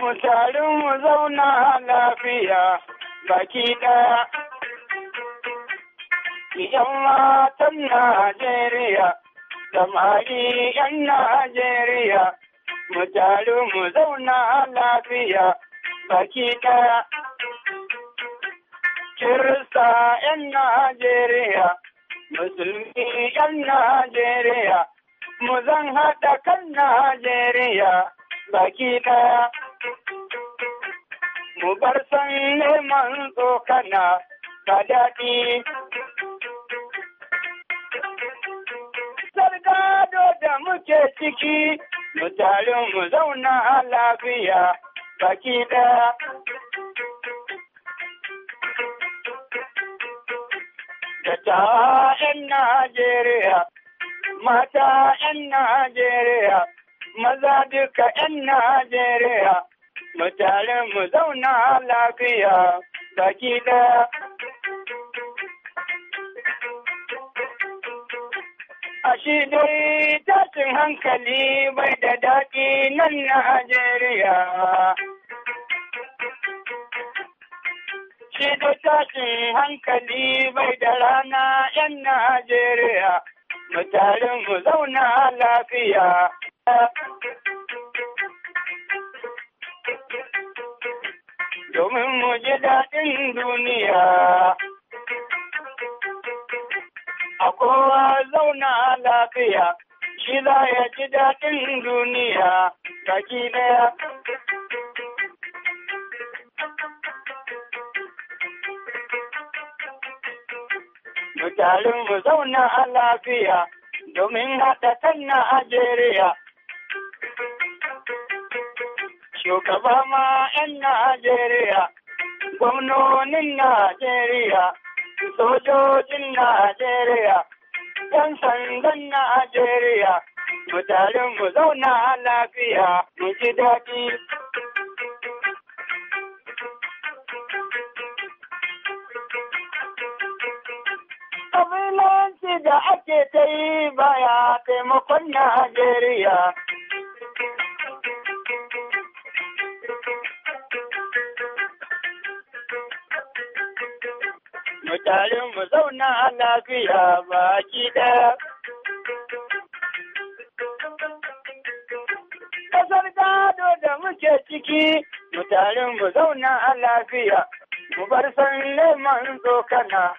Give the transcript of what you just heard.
Mu mu zauna lafiya baki ɗaya. Yan matan Najeriya, samari yan Najeriya, mu mu zauna lafiya baki ɗaya. Kirista yan Najeriya, Musulmi ‘yan Najeriya, mu zan haɗa kan Najeriya baki ɗaya. Mu bar san neman tsokana ka daɗi. Sargado da muke ciki, mu tare mu zauna a lafiya baki ɗaya. da ta 'yan Najeriya, mata 'yan Najeriya, maza duka 'yan Najeriya, mu mu zauna lafiya baki da. A shi dai tashin hankali bai da daɗi nan Najeriya. da tashin hankali bai da rana 'yan Najeriya, mutarin mu zauna lafiya. Domin mu ji daɗin duniya, a kowa zauna lafiya, shi za ya ji daɗin duniya, kaki ɗaya. mu mu zauna a lafiya domin haɗa kan Najeriya. Shugaba ma 'yan Najeriya, gwamnonin Najeriya, sojojin Najeriya, 'yan sandan Najeriya, mu mu zauna a lafiya, mu ji daɗi Kabilanci da ake ta yi baya taimakon Najeriya. Mutanen mu zauna lafiya baki ɗaya. Ƙasar gado da muke ciki, mutanen mu zauna lafiya, mu bar san leman zokana.